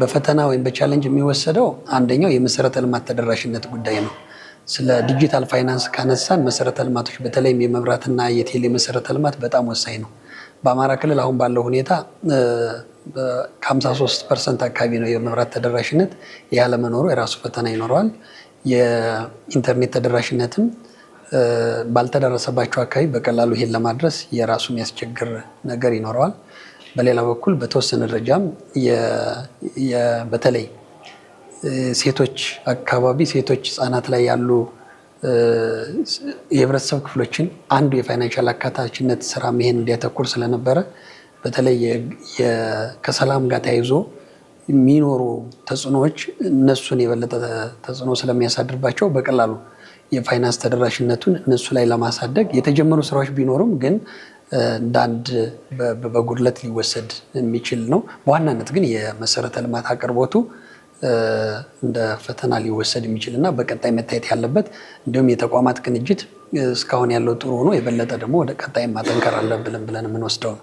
በፈተና ወይም በቻለንጅ የሚወሰደው አንደኛው የመሰረተ ልማት ተደራሽነት ጉዳይ ነው። ስለ ዲጂታል ፋይናንስ ካነሳን መሰረተ ልማቶች በተለይም የመብራትና የቴሌ መሰረተ ልማት በጣም ወሳኝ ነው። በአማራ ክልል አሁን ባለው ሁኔታ ከ53 ፐርሰንት አካባቢ ነው የመብራት ተደራሽነት። ያለመኖሩ የራሱ ፈተና ይኖረዋል። የኢንተርኔት ተደራሽነትም ባልተደረሰባቸው አካባቢ በቀላሉ ይሄን ለማድረስ የራሱ የሚያስቸግር ነገር ይኖረዋል። በሌላ በኩል በተወሰነ ደረጃም በተለይ ሴቶች አካባቢ ሴቶች ህጻናት ላይ ያሉ የህብረተሰብ ክፍሎችን አንዱ የፋይናንሻል አካታችነት ስራ ይሄን እንዲያተኩር ስለነበረ በተለይ ከሰላም ጋር ተያይዞ የሚኖሩ ተጽዕኖዎች እነሱን የበለጠ ተጽዕኖ ስለሚያሳድርባቸው በቀላሉ የፋይናንስ ተደራሽነቱን እነሱ ላይ ለማሳደግ የተጀመሩ ስራዎች ቢኖሩም ግን እንዳንድ በጉድለት ሊወሰድ የሚችል ነው። በዋናነት ግን የመሰረተ ልማት አቅርቦቱ እንደ ፈተና ሊወሰድ የሚችል እና በቀጣይ መታየት ያለበት እንዲሁም የተቋማት ቅንጅት እስካሁን ያለው ጥሩ ሆኖ የበለጠ ደግሞ ወደ ቀጣይ ማጠንከር አለብን ብለን የምንወስደው ነው።